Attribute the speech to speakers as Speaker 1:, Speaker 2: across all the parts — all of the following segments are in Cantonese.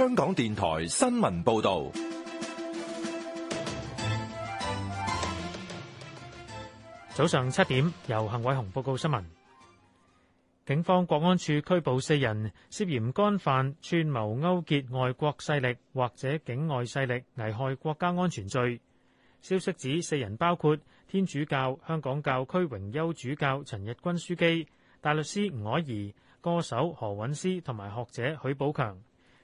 Speaker 1: 香港電台新聞報道，早上七點由幸偉雄報告新聞。警方國安處拘捕四人，涉嫌干犯串謀勾結外國勢力或者境外勢力危害國家安全罪。消息指，四人包括天主教香港教區榮休主教陳日君樞機、大律師吳靄儀、歌手何韻詩同埋學者許寶強。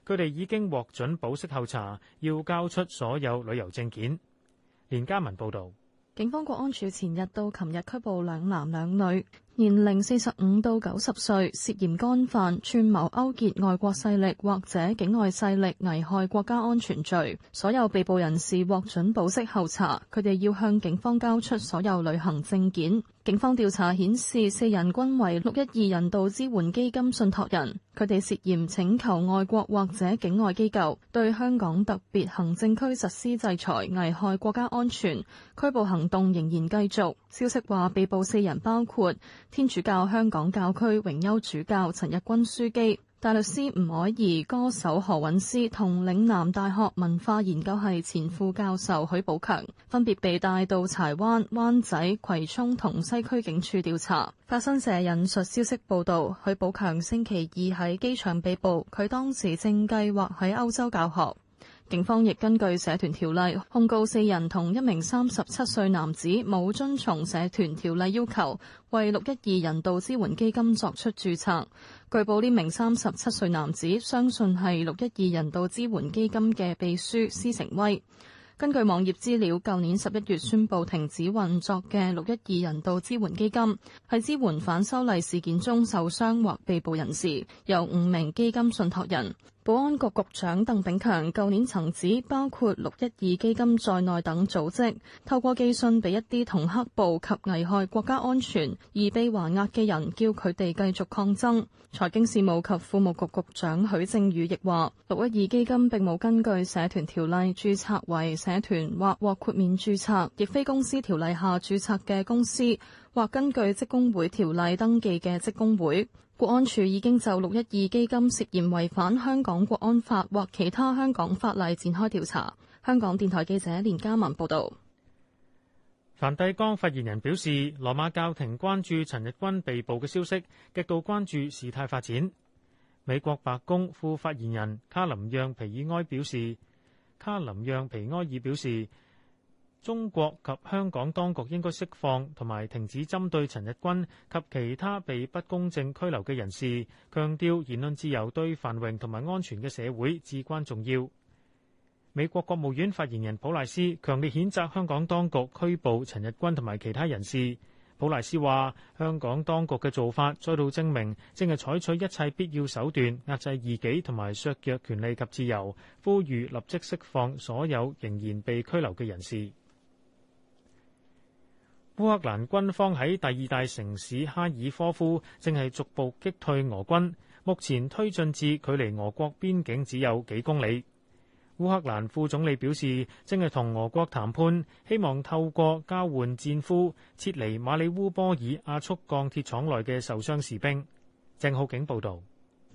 Speaker 1: 佢哋已經獲准保釋候查，要交出所有旅遊證件。連家文報道，
Speaker 2: 警方國安處前日到琴日拘捕兩男兩女。年齡四十五到九十歲，涉嫌干犯串謀勾結外國勢力或者境外勢力危害國家安全罪。所有被捕人士獲准保釋候查，佢哋要向警方交出所有旅行證件。警方調查顯示，四人均為六一二人道支援基金信託人，佢哋涉嫌請求外國或者境外機構對香港特別行政區實施制裁，危害國家安全。拘捕行動仍然繼續。消息話，被捕四人包括。天主教香港教區榮休主教陳日君樞機、大律師吳靄儀、歌手何韻詩同嶺南大學文化研究系前副教授許寶強分別被帶到柴灣、灣仔、葵涌同西區警署調查。法新社引述消息報道，許寶強星期二喺機場被捕，佢當時正計劃喺歐洲教學。警方亦根據社團條例控告四人同一名三十七歲男子冇遵從社團條例要求，為六一二人道支援基金作出註冊。據報呢名三十七歲男子相信係六一二人道支援基金嘅秘書施成威。根據網頁資料，舊年十一月宣布停止運作嘅六一二人道支援基金，喺支援反修例事件中受傷或被捕人士，有五名基金信託人。保安局局長鄧炳強舊年曾指，包括六一二基金在內等組織，透過寄信俾一啲同黑暴及危害國家安全、而被還押嘅人，叫佢哋繼續抗爭。財經事務及庫務局局長許正宇亦話，六一二基金並冇根據社團條例註冊為社團或或豁免註冊，亦非公司條例下註冊嘅公司，或根據職工會條例登記嘅職工會。國安處已經就六一二基金涉嫌違反香港國安法或其他香港法例展開調查。香港電台記者連嘉文報道。
Speaker 1: 梵蒂岡發言人表示，羅馬教廷關注陳日君被捕嘅消息，極度關注事態發展。美國白宮副發言人卡林讓皮爾埃表示，卡林讓皮埃爾表示。中國及香港當局應該釋放同埋停止針對陳日君及其他被不公正拘留嘅人士，強調言論自由對繁榮同埋安全嘅社會至關重要。美國國務院發言人普賴斯強烈譴責香港當局拘捕陳日君同埋其他人士。普賴斯話：香港當局嘅做法再度證明正係採取一切必要手段壓制異己同埋削弱權利及自由，呼籲立即釋放所有仍然被拘留嘅人士。烏克蘭軍方喺第二大城市哈爾科夫正係逐步擊退俄軍，目前推進至距離俄國邊境只有幾公里。烏克蘭副總理表示，正係同俄國談判，希望透過交換戰俘撤離馬里烏波爾阿速鋼鐵廠內嘅受傷士兵。鄭浩景報道。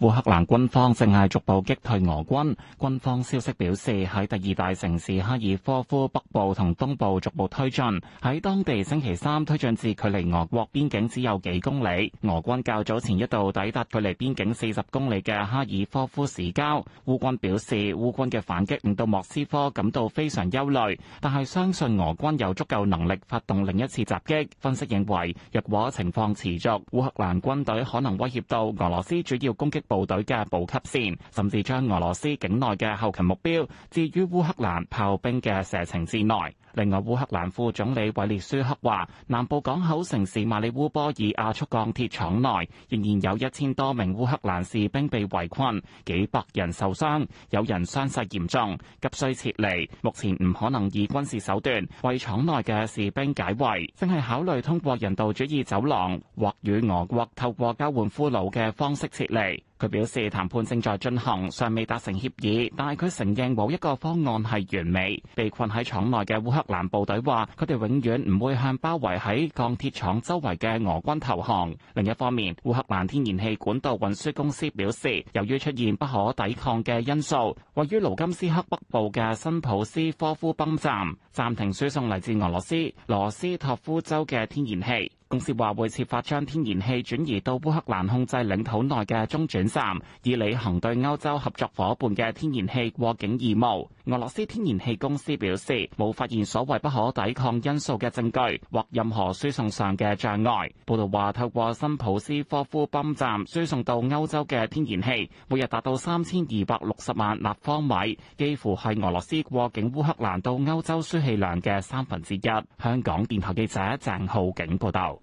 Speaker 3: 烏克蘭軍方正係逐步擊退俄軍。軍方消息表示，喺第二大城市哈爾科夫北部同東部逐步推進，喺當地星期三推進至距離俄國邊境只有幾公里。俄軍較早前一度抵達距離邊境四十公里嘅哈爾科夫市郊。烏軍表示，烏軍嘅反擊令到莫斯科感到非常憂慮，但係相信俄軍有足夠能力發動另一次襲擊。分析認為，若果情況持續，烏克蘭軍隊可能威脅到俄羅斯主要攻擊部隊嘅補給線，甚至將俄羅斯境內嘅後勤目標置於烏克蘭炮兵嘅射程之內。另外，烏克蘭副總理韋列舒克話，南部港口城市馬里烏波爾亞速鋼鐵廠內仍然有一千多名烏克蘭士兵被圍困，幾百人受傷，有人傷勢嚴重，急需撤離。目前唔可能以軍事手段為廠內嘅士兵解圍，正係考慮通過人道主義走廊或與俄國透過交換俘虜嘅方式撤離。佢表示談判正在進行，尚未達成協議，但係佢承認冇一個方案係完美。被困喺廠內嘅烏克蘭部隊話佢哋永遠唔會向包圍喺鋼鐵廠周圍嘅俄軍投降。另一方面，烏克蘭天然氣管道運輸公司表示，由於出現不可抵抗嘅因素，位於盧金斯克北部嘅新普斯科夫泵站暫停輸送嚟自俄羅斯羅斯托夫州嘅天然氣。公司話會設法將天然氣轉移到烏克蘭控制領土內嘅中轉站，以履行對歐洲合作伙伴嘅天然氣過境義務。俄羅斯天然氣公司表示，冇發現所謂不可抵抗因素嘅證據或任何輸送上嘅障礙。報道話，透過新普斯科夫泵站輸送到歐洲嘅天然氣每日達到三千二百六十萬立方米，幾乎係俄羅斯過境烏克蘭到歐洲輸氣量嘅三分之一。香港電台記者鄭浩景報道。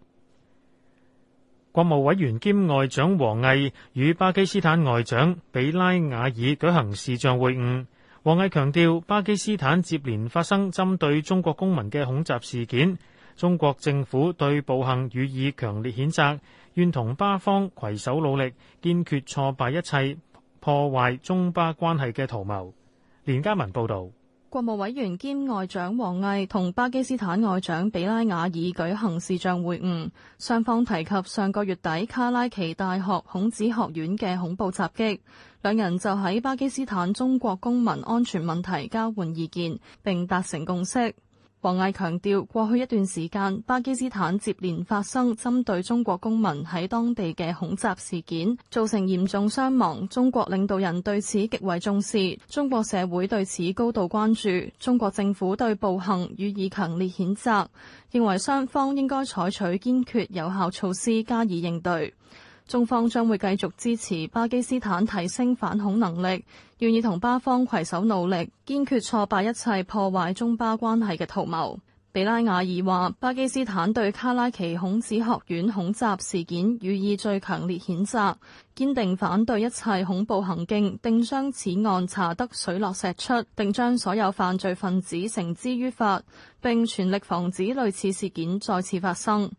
Speaker 1: 國務委員兼外長王毅與巴基斯坦外長比拉瓦爾舉行視像會晤。王毅強調，巴基斯坦接連發生針對中國公民嘅恐襲事件，中國政府對暴行予以強烈譴責，願同巴方攜手努力，堅決挫敗一切破壞中巴關係嘅圖謀。連家文報導。
Speaker 2: 國務委員兼外長王毅同巴基斯坦外長比拉瓦爾已舉行視像會晤，雙方提及上個月底卡拉奇大學孔子學院嘅恐怖襲擊，兩人就喺巴基斯坦中國公民安全問題交換意見，並達成共識。王毅強調，過去一段時間，巴基斯坦接連發生針對中國公民喺當地嘅恐襲事件，造成嚴重傷亡。中國領導人對此極為重視，中國社會對此高度關注。中國政府對暴行予以強烈譴責，認為雙方應該採取堅決有效措施加以應對。中方將會繼續支持巴基斯坦提升反恐能力，願意同巴方攜手努力，堅決挫敗一切破壞中巴關係嘅圖謀。比拉瓦爾話：巴基斯坦對卡拉奇孔子學院恐襲事件予以最強烈譴責，堅定反對一切恐怖行徑，定將此案查得水落石出，定將所有犯罪分子繩之於法，並全力防止類似事件再次發生。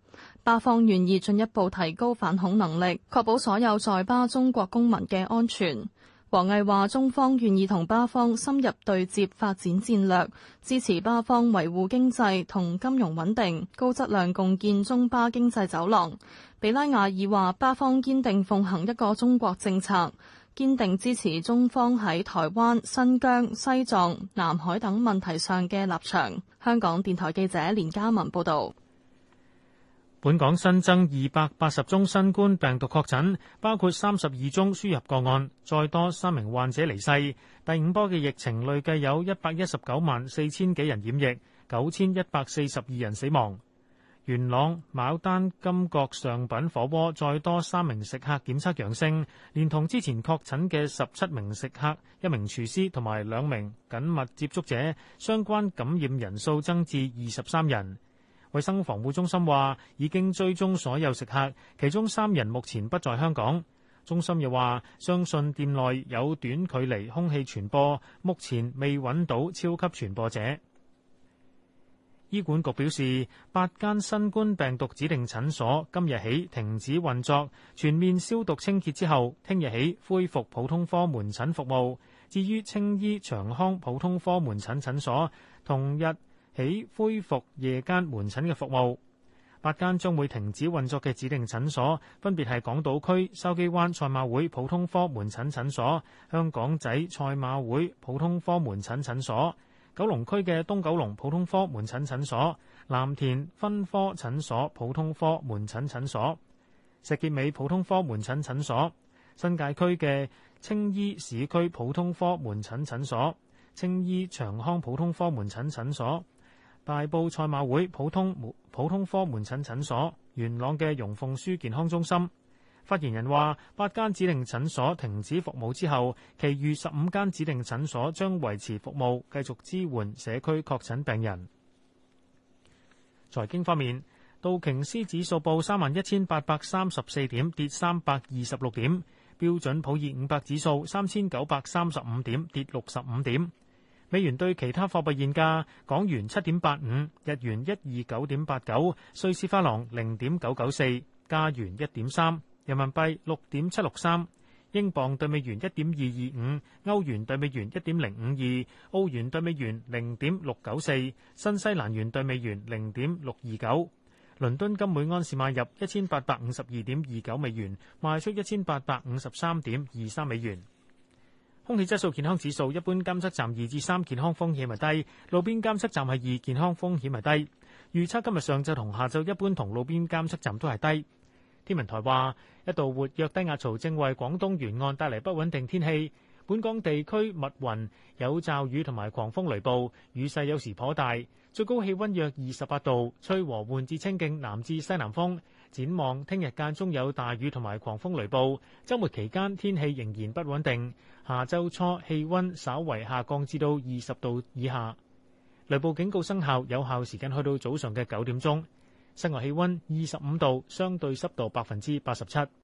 Speaker 2: 巴方願意進一步提高反恐能力，確保所有在巴中國公民嘅安全。王毅話：中方願意同巴方深入對接，發展戰略，支持巴方維護經濟同金融穩定，高質量共建中巴經濟走廊。比拉瓦爾話：巴方堅定奉行一個中國政策，堅定支持中方喺台灣、新疆、西藏、南海等問題上嘅立場。香港電台記者連嘉文報道。
Speaker 1: 本港新增二百八十宗新冠病毒確診，包括三十二宗輸入個案，再多三名患者離世。第五波嘅疫情累計有一百一十九萬四千幾人染疫，九千一百四十二人死亡。元朗牡丹金閣、上品火鍋，再多三名食客檢測陽性，連同之前確診嘅十七名食客、一名廚師同埋兩名緊密接觸者，相關感染人數增至二十三人。衛生防護中心話已經追蹤所有食客，其中三人目前不在香港。中心又話相信店內有短距離空氣傳播，目前未揾到超級傳播者。醫管局表示，八間新冠病毒指定診所今日起停止運作，全面消毒清潔之後，聽日起恢復普通科門診服務。至於青衣長康普通科門診診所，同日起恢復夜間門診嘅服務，八間將會停止運作嘅指定診所分別係港島區筲箕灣賽馬會普通科門診診所、香港仔賽馬會普通科門診診所、九龍區嘅東九龍普通科門診診所、藍田分科診所普通科門診診所、石硤尾普通科門診診所、新界區嘅青衣市區普通科門診診所、青衣長康普通科門診診所。大埔賽馬會普通門普通科門診診所、元朗嘅容鳳書健康中心。發言人話：八間指定診所停止服務之後，其餘十五間指定診所將維持服務，繼續支援社區確診病人。財經方面，道瓊斯指數報三萬一千八百三十四點，跌三百二十六點；標準普爾五百指數三千九百三十五點，跌六十五點。美元兌其他貨幣現價：港元七點八五，日元一二九點八九，瑞士法郎零點九九四，加元一點三，人民幣六點七六三，英鎊對美元一點二二五，歐元對美元一點零五二，澳元對美元零點六九四，新西蘭元對美元零點六二九。倫敦金每安士買入一千八百五十二點二九美元，賣出一千八百五十三點二三美元。空氣質素健康指數一般監測站二至三，健康風險係低；路邊監測站係二，健康風險係低。預測今日上晝同下晝一般同路邊監測站都係低。天文台話，一度活躍低壓槽正為廣東沿岸帶嚟不穩定天氣，本港地區密雲有驟雨同埋狂風雷暴，雨勢有時頗大，最高氣温約二十八度，吹和緩至清勁，南至西南風。展望聽日間中有大雨同埋狂風雷暴，週末期間天氣仍然不穩定。下周初氣温稍為下降至到二十度以下。雷暴警告生效有效時間去到早上嘅九點鐘。室外氣温二十五度，相對濕度百分之八十七。